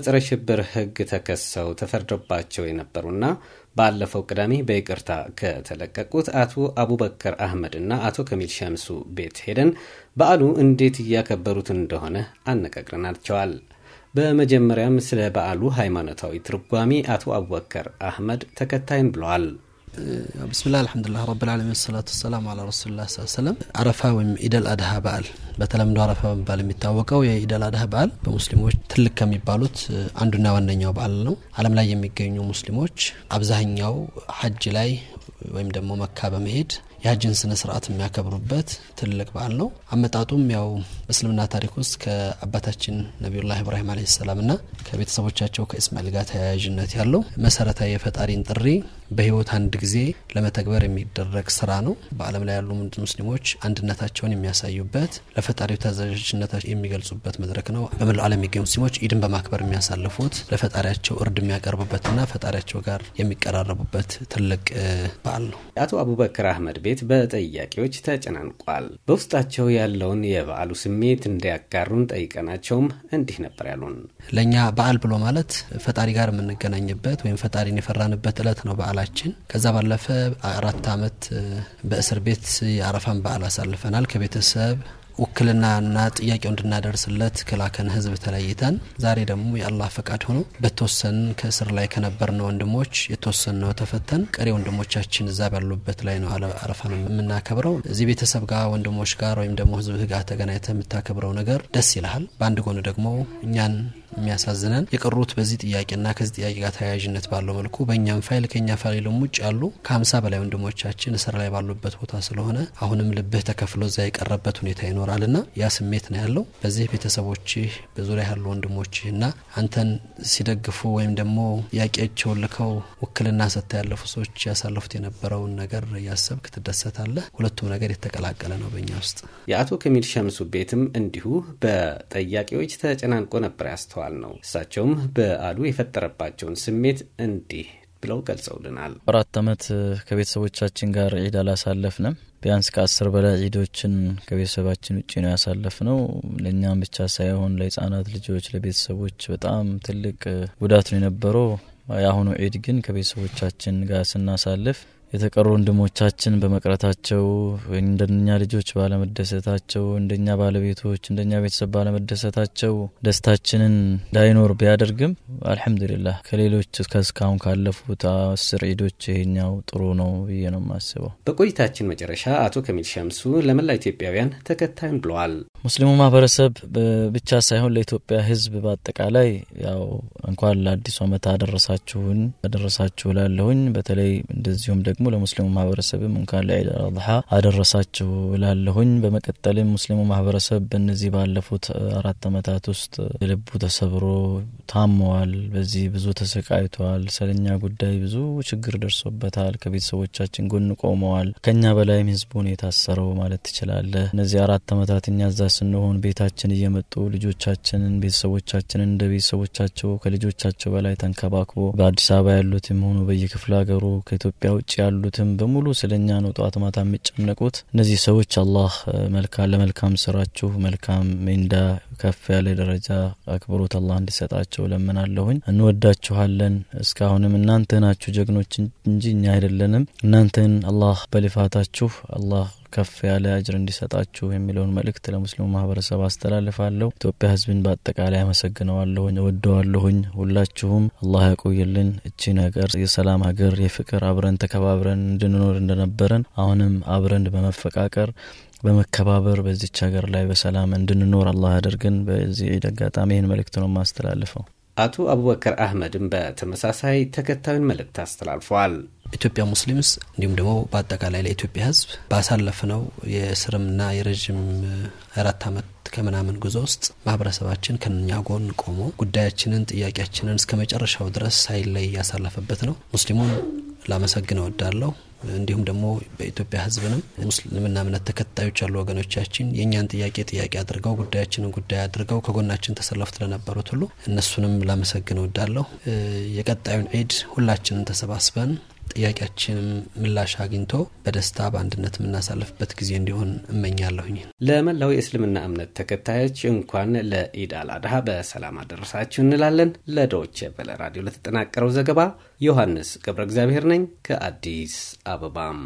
በጸረ ሽብር ህግ ተከሰው ተፈርዶባቸው የነበሩና ባለፈው ቅዳሜ በይቅርታ ከተለቀቁት አቶ አቡበከር አህመድ እና አቶ ከሚል ሸምሱ ቤት ሄደን በዓሉ እንዴት እያከበሩት እንደሆነ አነጋግረናቸዋል። በመጀመሪያም ስለ በዓሉ ሃይማኖታዊ ትርጓሜ አቶ አቡበከር አህመድ ተከታይን ብለዋል። ብስምላ አልሐምዱላ ረብልዓለሚን ሰላቱ ሰላም አላ ረሱሉላ ሰለም አረፋ ወይም ኢደል አድሃ በአል በተለምዶ አረፋ በመባል የሚታወቀው የኢደል አድሃ በዓል በሙስሊሞች ትልቅ ከሚባሉት አንዱና ዋነኛው በዓል ነው። አለም ላይ የሚገኙ ሙስሊሞች አብዛኛው ሀጅ ላይ ወይም ደግሞ መካ በመሄድ የሀጅን ስነ ስርዓት የሚያከብሩበት ትልቅ በዓል ነው። አመጣጡም ያው በእስልምና ታሪክ ውስጥ ከአባታችን ነቢዩላህ ኢብራሂም አለይሂ ሰላምና ከቤተሰቦቻቸው ከእስማኤል ጋር ተያያዥነት ያለው መሰረታዊ የፈጣሪን ጥሪ በህይወት አንድ ጊዜ ለመተግበር የሚደረግ ስራ ነው። በዓለም ላይ ያሉ ሙስሊሞች አንድነታቸውን የሚያሳዩበት ለፈጣሪው ታዛዥነታቸው የሚገልጹበት መድረክ ነው። በመላው ዓለም የሚገኙ ሙስሊሞች ኢድን በማክበር የሚያሳልፉት ለፈጣሪያቸው እርድ የሚያቀርቡበትና ፈጣሪያቸው ጋር የሚቀራረቡበት ትልቅ በዓል ነው። አቶ አቡበክር አህመድ ቤት በጥያቄዎች ተጨናንቋል። በውስጣቸው ያለውን የበዓሉ ስሜት እንዲያጋሩን ጠይቀናቸውም እንዲህ ነበር ያሉን። ለእኛ በዓል ብሎ ማለት ፈጣሪ ጋር የምንገናኝበት ወይም ፈጣሪን የፈራንበት እለት ነው በዓል መቀጠላችን ከዛ ባለፈ አራት አመት በእስር ቤት የአረፋን በዓል አሳልፈናል። ከቤተሰብ ውክልናና ጥያቄው እንድናደርስለት ከላከን ህዝብ ተለይተን ዛሬ ደግሞ የአላህ ፈቃድ ሆኖ በተወሰን ከእስር ላይ ከነበርነ ወንድሞች የተወሰን ነው ተፈተን፣ ቀሪ ወንድሞቻችን እዛ ባሉበት ላይ ነው አረፋ ነው የምናከብረው። እዚህ ቤተሰብ ጋር ወንድሞች ጋር ወይም ደግሞ ህዝብ ጋር ተገናኝተ የምታከብረው ነገር ደስ ይልሃል። በአንድ ጎኑ ደግሞ እኛን የሚያሳዝነን የቀሩት በዚህ ጥያቄና ከዚህ ጥያቄ ጋር ተያያዥነት ባለው መልኩ በእኛም ፋይል ከኛ ፋይልም ውጭ ያሉ ከሀምሳ በላይ ወንድሞቻችን እስር ላይ ባሉበት ቦታ ስለሆነ አሁንም ልብህ ተከፍሎ እዛ የቀረበት ሁኔታ ይኖራልና ያ ስሜት ነው ያለው። በዚህ ቤተሰቦችህ በዙሪያ ያሉ ወንድሞችህ እና አንተን ሲደግፉ ወይም ደግሞ ጥያቄያቸውን ልከው ውክልና ሰጥታ ያለፉ ሰዎች ያሳለፉት የነበረውን ነገር እያሰብክ ትደሰታለህ። ሁለቱም ነገር የተቀላቀለ ነው በእኛ ውስጥ። የአቶ ከሚል ሸምሱ ቤትም እንዲሁ በጠያቂዎች ተጨናንቆ ነበር ያስተዋል አባል ነው። እሳቸውም በዓሉ የፈጠረባቸውን ስሜት እንዲህ ብለው ገልጸውልናል። አራት ዓመት ከቤተሰቦቻችን ጋር ዒድ አላሳለፍንም። ቢያንስ ከአስር በላይ ዒዶችን ከቤተሰባችን ውጭ ነው ያሳለፍነው። ለእኛም ብቻ ሳይሆን ለህጻናት ልጆች፣ ለቤተሰቦች በጣም ትልቅ ጉዳት ነው የነበረው። የአሁኑ ዒድ ግን ከቤተሰቦቻችን ጋር ስናሳልፍ የተቀሩ ወንድሞቻችን በመቅረታቸው እንደኛ ልጆች ባለመደሰታቸው እንደኛ ባለቤቶች እንደኛ ቤተሰብ ባለመደሰታቸው ደስታችንን እንዳይኖር ቢያደርግም አልሐምዱሊላህ ከሌሎች እስካሁን ካለፉት አስር ዒዶች ይሄኛው ጥሩ ነው ብዬ ነው የማስበው። በቆይታችን መጨረሻ አቶ ከሚል ሸምሱ ለመላ ኢትዮጵያውያን ተከታይም ብለዋል። ሙስሊሙ ማህበረሰብ ብቻ ሳይሆን ለኢትዮጵያ ህዝብ በአጠቃላይ ያው እንኳን ለአዲሱ አመት አደረሳችሁን አደረሳችሁ ላለሁኝ በተለይ እንደዚሁም ደግሞ ለሙስሊሙ ማህበረሰብም እንኳን ለዒድ አልአድሓ አደረሳችሁ ላለሁኝ። በመቀጠልም ሙስሊሙ ማህበረሰብ በእነዚህ ባለፉት አራት አመታት ውስጥ የልቡ ተሰብሮ ታመዋል። በዚህ ብዙ ተሰቃይተዋል። ስለኛ ጉዳይ ብዙ ችግር ደርሶበታል። ከቤተሰቦቻችን ጎን ቆመዋል። ከኛ በላይም ህዝቡን የታሰረው ማለት ትችላለህ። እነዚህ አራት አመታት እኛ እዛ ስንሆን ቤታችን እየመጡ ልጆቻችንን ቤተሰቦቻችንን እንደ ቤተሰቦቻቸው ከልጆቻቸው በላይ ተንከባክቦ በአዲስ አበባ ያሉትም ሆኑ በየክፍለ ሀገሩ ከኢትዮጵያ ውጭ ያሉትም በሙሉ ስለ እኛ ነው ጠዋት ማታ የሚጨነቁት። እነዚህ ሰዎች አላህ መልካም ለመልካም ስራችሁ መልካም ሚንዳ ከፍ ያለ ደረጃ አክብሮት አላህ እንዲሰጣቸው ለምናለሁኝ። እንወዳችኋለን። እስካሁንም እናንተ ናችሁ ጀግኖች እንጂ እኛ አይደለንም። እናንተን አላህ በልፋታችሁ አላህ ከፍ ያለ አጅር እንዲሰጣችሁ የሚለውን መልእክት ለሙስሊሙ ማህበረሰብ አስተላልፋለሁ። ኢትዮጵያ ህዝብን በአጠቃላይ አመሰግነዋለሁኝ፣ እወደዋለሁኝ። ሁላችሁም አላህ ያቆይልን። እቺ ነገር የሰላም ሀገር፣ የፍቅር አብረን ተከባብረን እንድንኖር እንደነበረን አሁንም አብረን በመፈቃቀር በመከባበር በዚች ሀገር ላይ በሰላም እንድንኖር አላህ አድርገን። በዚህ ዒድ አጋጣሚ ይህን መልእክት ነው ማስተላልፈው። አቶ አቡበከር አህመድም በተመሳሳይ ተከታዩን መልእክት አስተላልፈዋል። ኢትዮጵያ ሙስሊምስ እንዲሁም ደግሞ በአጠቃላይ ለኢትዮጵያ ሕዝብ ባሳለፍነው የስርምና የረዥም አራት ዓመት ከምናምን ጉዞ ውስጥ ማህበረሰባችን ከኛ ጎን ቆሞ ጉዳያችንን፣ ጥያቄያችንን እስከ መጨረሻው ድረስ ሳይለይ ያሳለፈበት ነው። ሙስሊሙን ላመሰግን እወዳለሁ። እንዲሁም ደግሞ በኢትዮጵያ ህዝብንም ሙስልምና እምነት ተከታዮች ያሉ ወገኖቻችን የእኛን ጥያቄ ጥያቄ አድርገው ጉዳያችንን ጉዳይ አድርገው ከጎናችን ተሰለፉ ስለነበሩት ሁሉ እነሱንም ላመሰግን እወዳለሁ። የቀጣዩን ዒድ ሁላችንን ተሰባስበን ጥያቄያችን ምላሽ አግኝቶ በደስታ በአንድነት የምናሳልፍበት ጊዜ እንዲሆን እመኛለሁኝ። ለመላው የእስልምና እምነት ተከታዮች እንኳን ለኢድ አልአድሃ በሰላም አደረሳችሁ እንላለን። ለዶች ቨለ ራዲዮ ለተጠናቀረው ዘገባ ዮሐንስ ገብረ እግዚአብሔር ነኝ ከአዲስ አበባም